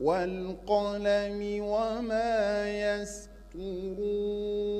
والقلم وما يسطرون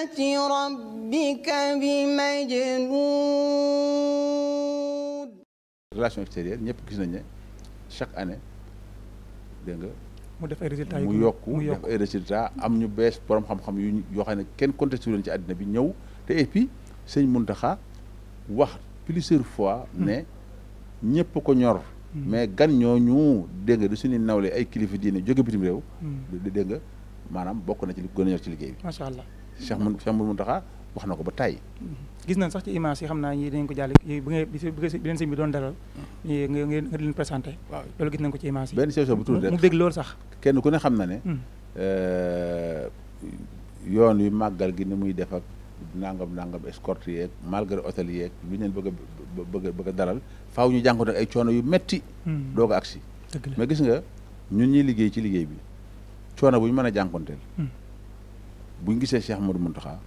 رحمة ربك بمجنون relation extérieure ñëpp gis nañ ne chaque année dégg nga mu def ay résultats am ñu bees borom xam-xam yu yoo xam ne kenn contesté leen ci àddina bi ñëw te et puis sëñ Muntaxa wax plusieurs fois hmm. ne ñëpp ko ñor hmm. mais gan ñooñu dégg nga di suñu nawle ay kilifa diine jóge bitim réew hmm. dégg nga maanaam bokk na ci li gën a ñor ci liggéey bi Cheikh Mou Cheikh Mountakha wax na ko ba tàyyi gis nañ sax ci image yi xam naa ñii dañ ko jàlle bu ngeen bi leen sëñ bi doon dalal ngeen nga leen présenté waaw loolu gis nañ ko mu dégg loolu sax kenn ku ne xam na ne hmm. euh, yoon wi màggal gi ni muy def ak nangam nangam escorte yeeg malgré hôtel yeeg bi ñu leen bëgg bëgg a dalal faaw ñu jànkoonte ay coono yu metti hmm. doo a agsi mais gis nga ñun ñuy liggéey ci liggéey bi coono bu ñu mën a jànkonteel hmm. gisee ñu gisee Cheikh Amadou Mountakha.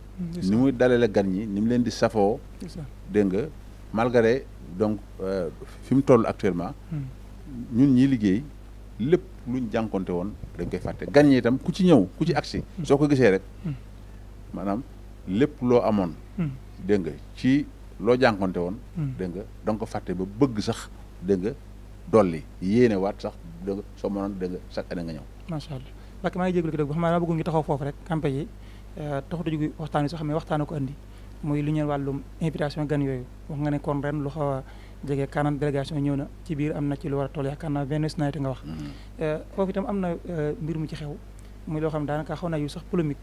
ni muy dalale gan ñi ni mu leen di safoo. dégg nga malgré donc euh, fi mu toll actuellement. Hmm. ñun ñi liggéey lépp luñ jànkonte woon dañ koy fàtte gan ñi itam ku ci ñëw ku ci agsi hmm. soo ko gisee rek. Hmm. maanaam lépp loo amoon. dégg nga ci loo jànkonte woon. dégg nga danga ko fàtte ba bëgg sax dégg nga dolli yéene waat sax dégg nga soo mënoon dégg nga chaque ane nga ñëw. Mbàkke maa ngi jégalu ki dëgg bu xam naa bëggoon ngi taxaw foofu rek campé yi euh, taxut a jóg waxtaan wi soo xam ne waxtaan ko andi muy lu ñeen wàllum invitation gan yooyu wax nga ne kon ren lu xaw a jege kanam ñëw na ci biir am na ci lu war a toll yaakaar naa vingt nawet nga wax mm-hmm. euh, foofu itam am na euh, mbir mu ci xew muy loo xam ne daanaka xaw naa yu sax polémique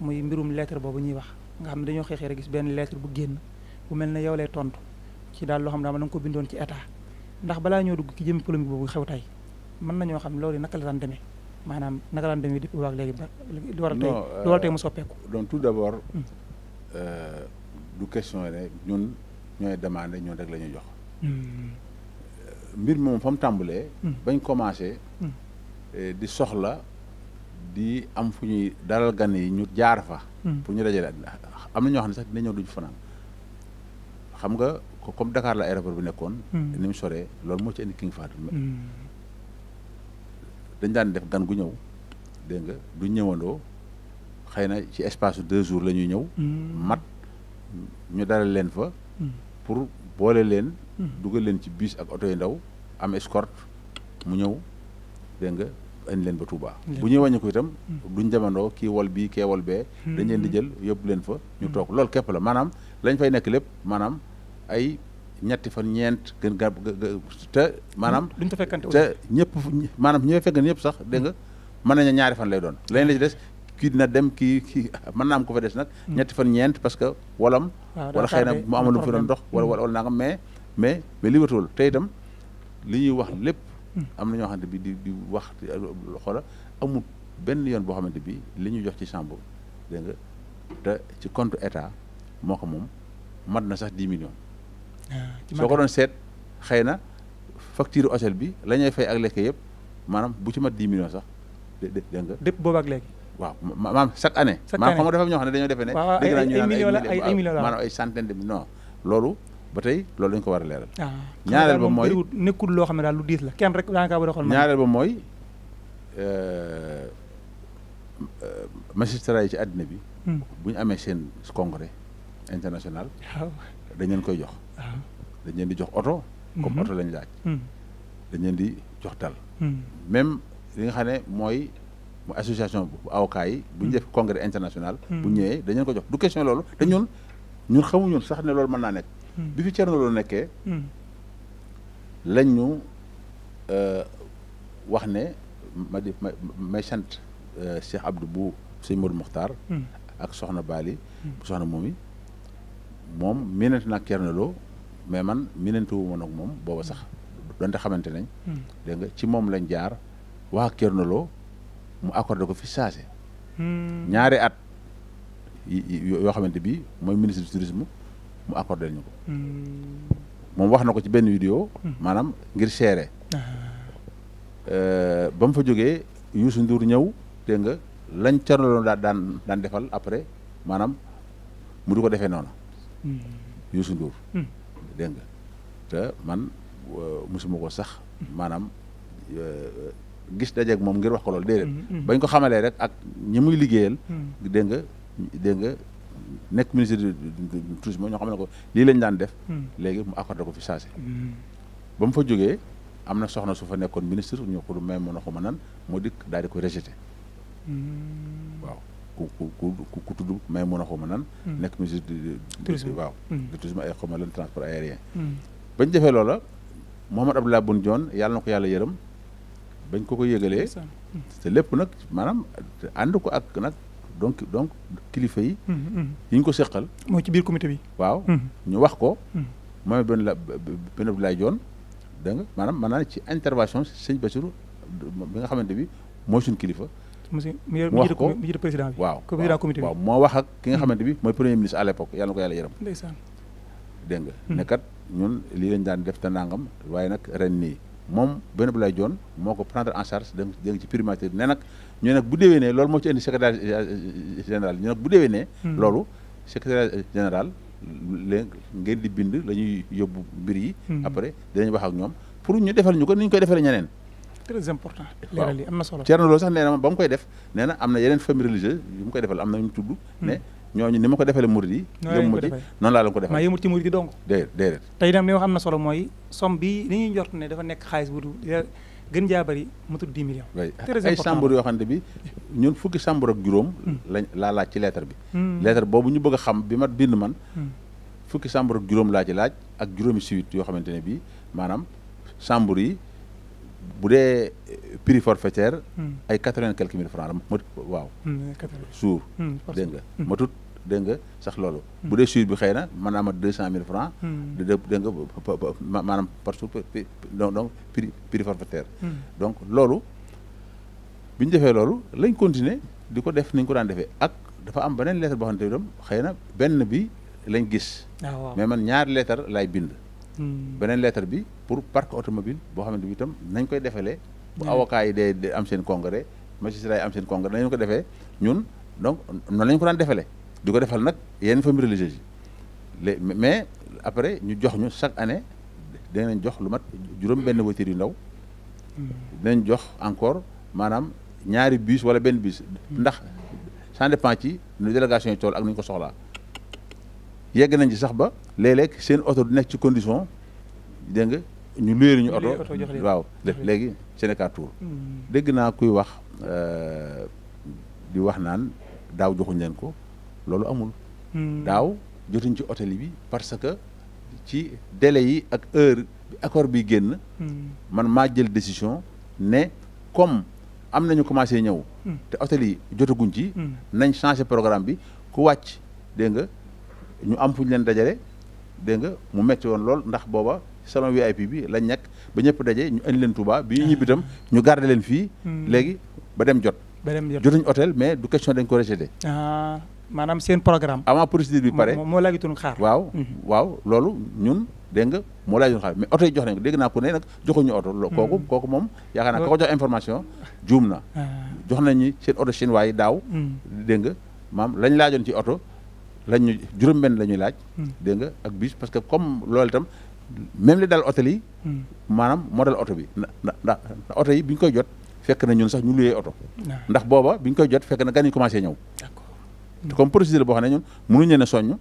muy mbirum lettre boobu ñuy wax nga xam ne dañoo xeexee rek gis benn lettre bu génn bu mel ne yow lay ci daal loo xam ne dama ko bindoon ci état ndax balaa ñoo dugg ki jëm polémique boobu xew tey mën nañoo xam loolu naka la daan maanaam naka la demee depuis léegi ba lu war a tey lu euh, soppeeku donc tout d'abord hmm. euh, du question rek ñun ñooy demandé ñun rek la ñuy jox hmm. euh, mbir moom fa mu hmm. bañ commencé di soxla di am fu ñuy dalal gan yi ñu jaar fa pour ñu dajale am na ñoo xam ne sax dina ñëw duñu fanaan xam nga comme Dakar la aéroport bi nekkoon ni soree loolu moo ci indi King Fahd dañ daan def gan gu ñëw dégg nga du ñëwandoo xëy na ci espace deux jours la ñuy ñëw hmm. mat ñu dara leen fa hmm. pour boole leen hmm. dugal leen ci bus ak oto yu ndaw am escorte mu ñëw dégg nga indi leen ba Touba bu ñuy wàññi ko itam duñ demandoo kii wol bii kee wol bee dañ leen di jël yóbbu leen fa ñu toog loolu képp la maanaam lañ fay nekk lépp maanaam ay ñetti fan ñeent gën ga te maanaam. duñ ko fekkante te ñëpp maanaam ñi may ñëpp sax dégg nga mën nañu ñaari fan lay doon leneen la ci des kii dina dem kii kii mën naa am ko fa des nag. Hmm. ñetti fan ñeent parce que wolam. Ah, wala xëy na mu amoon lu fi doon dox wala hmm. wala nangam mais mais mais li wëtul te itam li ñuy wax lépp. Hmm. am na ñoo xamante bi di di wax xoola amul benn yoon boo xamante bi li ñu jox ci chambre dégg nga te ci compte état moo ko moom mat na sax dix Ah, soo ko doon seet xëy na facture hôtel bi la ñuy fay ak lekk yëpp maanaam bu ci mat dix millions sax dé dégg nga. dëpp boobu ak léegi. waaw maanaam chaque année. chaque année maanaam xam nga dafa xam ne dañoo defee ne. dégg naa ñu ay ay millions loolu. ba tey loolu dañ ko war a leeral. Ah, ñaareel ba mooy nekkul loo xam ne daal lu diis la kenn rek daanaka war a xool. ñaareel ba euh, euh, ci àddina bi. Hmm. bu ñu amee seen congrès international. dañ leen koy jox. dañ leen di jox oto. comme mhm. oto lañ laaj. Mhm. dañ leen di jox dal. Mhm. même li nga xam ne mooy mooy association bu avocat bu ñu def congrès international. bu ñëwee dañ leen ko jox du question loolu te ñun ñun sax ne loolu mën naa nekk. bi fi Thierno nekkee. lañ euh, wax ne ma di ma may sant euh, Cheikh Abdou bu sëñ Modou Mokhtar. ak soxna Bali. bu soxna moom moom miinante na ak mais man minante wu ma moom booba sax donte xamante nañ. Hmm. dégg nga ci moom lañ jaar waa Thierno Lo mu accordé ko fi saase. Hmm. ñaari at yoo xamante bi mooy ministre du tourisme mu accordé ñu ko. Hmm. moom wax na ko ci benn vidéo. maanaam ngir seere. Ah. Euh, ba mu fa jógee Youssou Ndour ñëw dégg nga lañ Thierno Lo daan daan defal après maanaam mu du ko defee noonu. Youssou Ndour. dégg nga te man euh, mosuma ko sax maanaam euh, euh, gis dajeeg moom ngir wax ko loolu déedéet mm-hmm. bañ ko xamalee rek ak ñi muy liggéeyal mm-hmm. dégg nga dégg nga nekk ministre du tourisme ñoo xam ne ko lii lañ daan def mm-hmm. léegi mu accordé ko fi saasi ba mu fa jógee am na soxna su fa nekkoon ministre ñu ko du may mën a xuma nan mu dikk daal di ko rejeté waaw ku ku ku tudd may mun a ma nan. Hmm. nekk ministre de tourisme waaw. Hmm. de tourisme ay xaw ma lan transport aérien. Hmm. bañ defee loola Mouhamed Abdallah Boun Dionne yàlla na ko yàlla yërëm bañ ko ko yëgalee. te lépp nag maanaam ànd ko ak nag donc donc kilifa yi. yi ñu ko seqal. mooy ci biir comité bi. waaaaw ñu wax ko. mooy benn la benn Abdoulaye Dione da nga maanaam maanaam ci intervention sëñ Bassirou bi nga xamante bi mooy suñ kilifa. monsieur mu ko mu jiite président bi waaw président moo wax ak ki nga hmm. xamante bi mooy premier ministre à l'époque yàlla na ko yàlla yërëm ndeysaan dégg nga hmm. ne ñun lii lañ daan def te nangam waaye nag ren nii moom benn bu lay joon moo ko prendre en charge dem ci primature ne nag ñu nag bu déwénee loolu moo ci indi secrétaire euh, euh, général ñu nag bu déwénee hmm. loolu secrétaire euh, général léegi ngeen di bind la ñuy yóbbu mbir yi après dinañ wax ak ñoom pour ñu defal ñu ko ni ñu koy defalee ñeneen très important. leeral yi am na solo Thierno loolu sax nee na ma ba mu koy def nee na am na yeneen famille religieuse yu mu koy defal am na ñu tudd. ne hmm. ñooñu ni ma ko defalee murid yi. noonu la noonu laa leen ko defal maa yëmut ci murid yi donc. déedéet déedéet. tey nag li wax am na solo mooy somme bi li ñuy njort ne dafa nekk xaalis bu dul gën jaa bari mu tudd 10 millions. très important ay chambre yoo xamante bi ñun fukki chambre ak juróom. Hmm. lañ laa laaj ci lettre bi. Hmm. lettre boobu ñu bëgg a xam bi ma bind man. fukki chambre ak juróom laa ci laaj ak juróomi suite yoo xamante ne bii maanaam chambre yi bu dee euh, prix forfaitaire. Hmm. ay quatre-vingt quelques mille francs la matut waaw. Hmm, suur hmm, nga matut dégg sax loolu. bu dee suur bi xëy na mën ma deux cent mille francs. de dégg nga maanaam par suur donc donc prix donc loolu bi ñu defee loolu lañ continuer di ko def ni ko daan defee ak dafa am beneen lettre boo xamante ne xëy na benn bi lañ gis. Ah, mais man ñaari lettre lay bind. Hmm. beneen lettre bi pour parc automobile boo xamante bi itam nañ koy defalee bu avocat yi dee am seen congrès magistrat yi am seen congrès nañu ko defee ñun donc noonu lañ ko daan defalee di ko defal nag yenn famille religieuse yi lé mais après ñu jox ñu chaque année nañ jox lu mat juróom benn voiture yu ndaw hmm. nañ jox encore maanaam ñaari bus wala benn bis hmm. ndax change ça dépend ci nu délégation yi tool ak nu ñu ko soxlaa yegg nañ ci sax ba léeg-léeg seen oto du nekk ci condition dégg nga ñu luyee ñu oto waaw def léegi Sénégal Tour hmm. dégg naa kuy wax euh, di wax naan daaw joxuñ leen ko loolu amul hmm. daaw jotuñ ci hôtel bi parce que ci délai yi ak heure bi accord bi génn hmm. man maa jël décision ne comme am nañu commencé ñëw te hôtel yi jotaguñ ci nañ changé programme bi ku wàcc dégg nga ñu am fu leen dajale dégg mu metti woon lool ndax booba salon VIP bi lañ nekk ba ñëpp daje ñu indi leen Touba bi ñu mm. ñibbi itam ñu garder leen fii. Mm. léegi ba dem jot. ba dem jot jotuñu hôtel mais du question dañ ko rejeté. Ah, maanaam seen programme. avant procédure bi pare moo laajutun xaar. waaw mm-hmm. waaw loolu ñun dégg nga moo laajutun xaar mais oto jox nañ ko dégg naa ko ne nag joxuñu oto. kooku mm-hmm. kooku moom yaakaar naa ka ko information juum na. Ah. jox nañu seen oto chinois yi daaw. Mm. dégg nga maam lañ laajoon ci oto. lañ ñu juróom-benn la ñuy laaj. Hmm. dégg nga ak bus parce que comme loolu tam même li dal oto yi. Hmm. maanaam moo dal oto bi na ndax oto yi bi ñu koy jot fekk na ñun sax ñu luyee oto. Ah. ndax booba bi ñu koy jot fekk na gan yi commencé ñëw. te comme procédure boo xam ne ñun mënuñu leen a soññ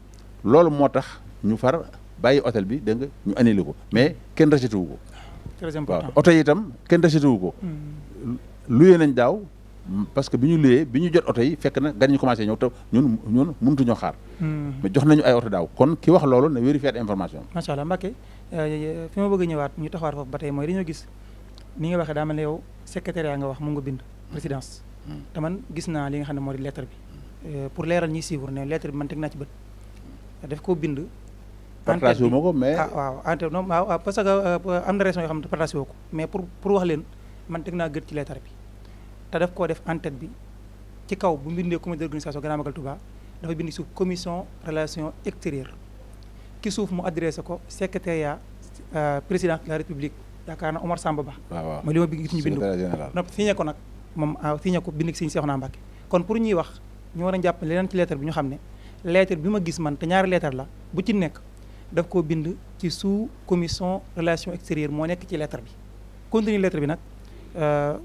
loolu moo tax ñu far bàyyi hôtel bi dégg nga ñu annulé ko mais kenn racheté wu ko. Ah, très important waaw oto yi itam kenn racheté wu ko. Hmm. luyee nañ daaw. parce que bi ñu luyee bi ñu jot oto yi fekk na gan ñu commencé ñëw te ñun ñun mënutuñoo xaar. Hmm. mais jox nañu ay oto daaw kon ki wax loolu na vérifier at information bi. macha allah Mbacke euh, fi ma bëgg a ñëwaat ñu taxawaat foofu ba tey mooy dañoo gis ni nga waxee daa mel ne yow secrétaire yaa nga wax mu nga bind présidence. Hmm. man gis naa li nga xam ne moo di bi euh, pour leeral ñi siiwur ne lettre bi man teg naa ci bët def koo bind. partage wu ma ko mais ah waaw ante non waaw ah, ah, parce que euh, am na raison yoo xam ne partage woo ko mais pour pour wax leen man teg naa gët ci lettre bi. te daf koo def en bi ci kaw bu mbindee comité d'organisation Grand Magal Touba dafa bind ci commission relation extérieure ki suuf mu adressé ko secrétariat euh, président de la république yaakaar na Omar Samba Ba. ma li ma gis ñu bind ko signé ko nag moom ah, signé ko bind ci Cheikhouna Mbacké kon pour ñuy wax ñu war a jàpp leneen ci lettre bi ñu xam ne lettre bi ma gis man te ñaari leetar la bu ci nekk daf koo bind ci sous commission relation extérieure moo nekk ci lettre bi contenu lettre bi nag. Euh,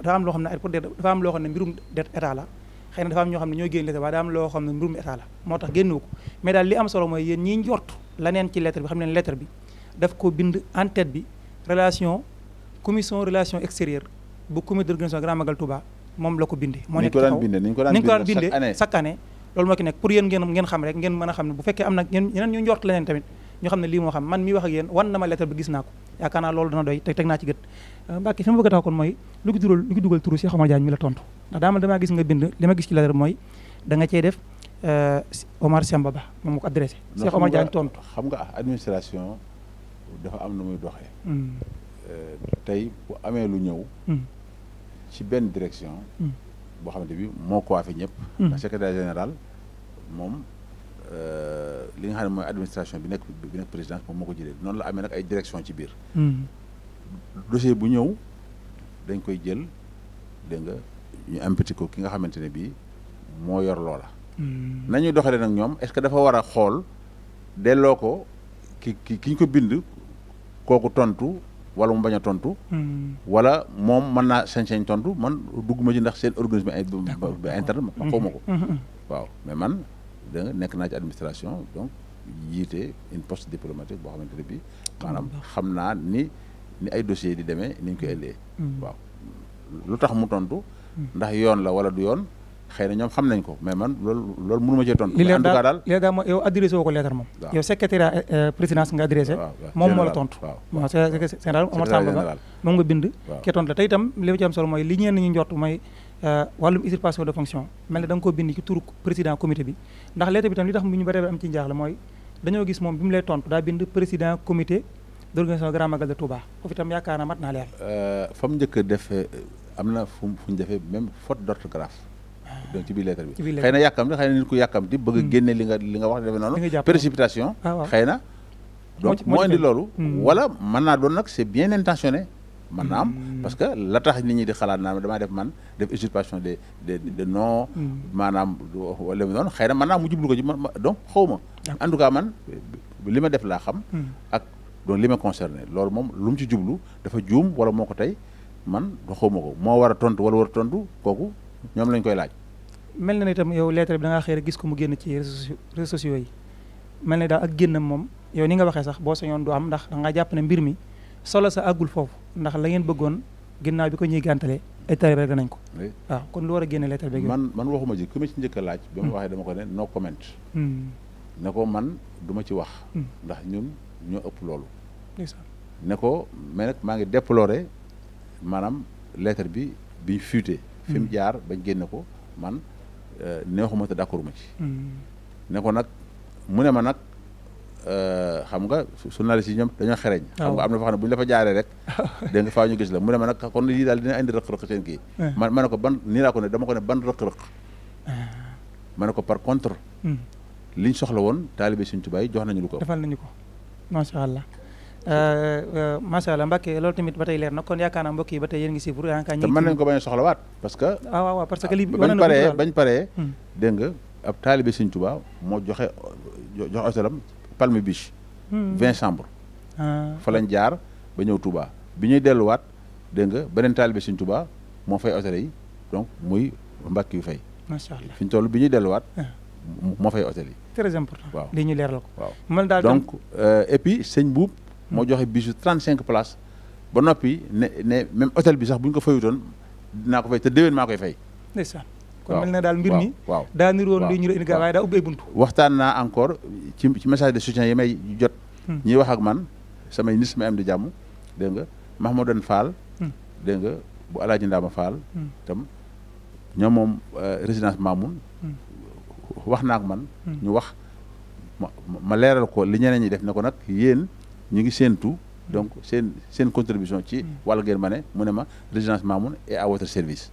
dafa am loo xam ne xam ne mbirum det état la xëy dafa am ñoo xam ne ñoo génn lettre waaye daa am loo xam ne mbirum état la moo tax génnu ko mais daal li am solo mooy yéen ñi njort la neen ci lettre bi xam ne lettre bi daf ko bind en tête bi relation commission relation extérieure bu comité d'organisation Grand Magal Touba moom la ko bindee moo nekk ko daan bindee chaque année loolu moo ki nekk pour yéen ngeen xam rek ngeen mën a xam ne bu fekkee am na ñeneen ñu njort ñu xam ne lii moo xam man mi wax ak yéen wan na ma lettre bi gis naa ko yaakaar naa loolu dana doy te teg naa ci gët euh, Mbàkke fi ma bëgg a tax kon mooy lu ko dugal turu Cheikh Omar Diagne nga bind li ma gis ci mooy da nga cey def euh, Omar Samba Ba moom moo ko adressé Cheikh Omar Diagne tontu xam nga administration dafa am na muy doxee hmm. euh, tey bu amee lu ñëw hmm. ci benn direction hmm. boo xamante bi moo ko waa fi ñëpp général moom Euh, li nga xam ne mooy administration bi nekk bi nekk présidence moom moo ko jëlee noonu la amee nag ay direction ci biir. Hmm. dossier bu ñëw dañ koy jël dégg nga ñu amputé ko ki nga xamante ne bii moo yor loola. Hmm. nañuy doxalee nag ñoom est-ce que dafa war a xool delloo ko ki ki ki ko bind kooku tontu wala mu bañ tontu. Hmm. wala moom mën naa sañ-sañ tontu man dugguma ci ndax seen organisme ay. interne ma xawma ko. waaw mais man. da nekk naa ci administration donc jiite une poste diplomatique boo xamante ne bii maanaam xam naa ni ni ay dossiers di demee ni ko koy lee waaw lu tax mu tontu. ndax yoon la wala du yoon xëy na ñoom xam nañ ko mais man loolu loolu mënu ma cee tontu. en tout cas daal li leen daal yow adressé woo ko lettre moom. yow secrétaire présidence nga adressé. moom nga bind. waaw kee la te itam li ci am solo mooy li ñeen ñi njort mooy. Euh, wàllum usurpation de fonction mel ne da nga ko bind ci turu président comité bi ndax lettre bi tam li tax mu ñu bare am ci njaaxle mooy dañoo gis moom bi mu lay tontu daa bind président comité d' organisation grand magal de Touba foofu itam yaakaar na mat naa leer. Euh, fa mu def a am na fu fu ñu defee même faute d' orthographe. Ah. donc ci biir lettre bi xëy na yàkkamti xëy na nit ku yàkkamti bëgg a hmm. génne li nga li nga wax defe noonu précipitation ah, xëy na donc moo indi loolu hmm. wala mën naa doon nag c' est bien intentionné man na am mm. parce que la tax nit ñi di xalaat naa damaa def man def usurpation de de de non mm. maanaam wala mu noonu xëy na man naa mu jublu ko ci man donc xaw ma en tout cas man li ma def laa xam mm. ak donc li ma concerné loolu moom lu mu ci jublu dafa juum wala moo ko tey man xaw ma ko moo war a tontu wala war a tontu kooku ñoom lañ koy laaj mel na ne itam yow lettre bi da ngaa xëy rek gis ko mu génn ci réseaux sociaux yi mel na daal ak génnam moom yow ni nga waxee sax boo sañoon du am ndax da jàpp ne mbir mi solo sa àggul foofu ndax la ngeen bëggoon ginnaaw bi ko ñuy gàntalee ay tarib rek nañ ko waaw kon lu war a génne lettre bi man man waxuma ji ma ci njëkk a laaj ba ma hmm. waxee dama ko ne no hmm. ko man du ci wax hmm. ndax ñun ñoo ëpp loolu ne ko mais maa ngi déploré maanaam lettre bi biñ fuité fi mu jaar bañ génne ko man euh, neexuma te d'accord ma ci ne ko nag mu ne ma nag Euh, xam nga journaliste yi ñoom dañoo xereñ ah xam nga am na foo xam ne bu ñu la fa jaaree rek dégg nga faa ñu gis la mu ne ma nag kon lii daal dina indi rëq-rëq ma ne ko ban nii laa ko ne dama rëq-rëq ah. ma ne ko par contre hmm. liñ soxla woon taalibe Sëriñ Tuubaa yi jox nañu lu ko defal nañu ko macha allah euh, euh, macha allah Mbacke ba tey leer na kon yaakaar naa mbokk yi ba tey yéen ngi si pour yaakaar te a soxlawaat parce que ah waaw waaw parce que ah, lii bañ paree bañ hmm. paree dégg ab taalibe Sëriñ Tuubaa moo joxe joxe otolam Palme Beach. Hmm. vingt chambres. Ah. fa lañ jaar ba ñëw Touba bi ñuy delluwaat dégg nga beneen taalibe Sëriñ Touba moo fay hôtel yi donc muy Mbàkke yu fay. macha fi ñu toll bi ñuy delluwaat. Ah. moo fay hôtel yi. très waaw li ñu leeral ko. waaw man daal donc euh, et puis sëñ buub. moo hmm. joxe bisu cinq place ba noppi ne ne même hôtel bi sax bu ñu ko fayutoon dinaa ko fay te déwén maa koy fay. kon mel na daal mbir mi waaw daa niroon li ñu indi gaa waaye daa ubbi buntu waxtaan naa encore ci ci message de soutien yi may jot hmm. ñiy wax ak man samay nis may am di jàmm dégg nga Mahmoudan Fall hmm. dégg nga bu Alaaji Ndaama Fall hmm. tam ñoom moom euh, résidence Mamoun wax naa ak man ñu wax ma leeral ko li ñeneen ñi def ne ko nag yéen ñu ngi séentu donc seen seen contribution ci wàllu ngeen ma ne mu ne ma résidence Mamoun est à votre service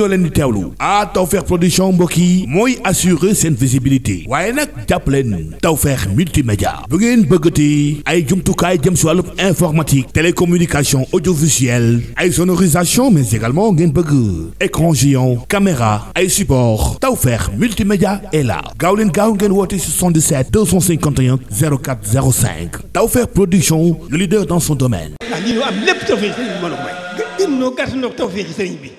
ñoo leen di teewlu ah Tawfekh production mbokk yi mooy assurer seen visibilité waaye nag jàpp leen Tawfekh multimédia bu ngeen bëggati ay jumtukaay jëm si wàllu informatique télécommunication audiovisuelle ay sonorisation mais également ngeen bëgg écran géant caméra ay support Tawfekh multimédia est là gaaw leen gaaw ngeen woote 77 251 04 05 Tawfekh production le leader dans son domaine. ah lii loo am lépp tawfeex sëriñ a bi.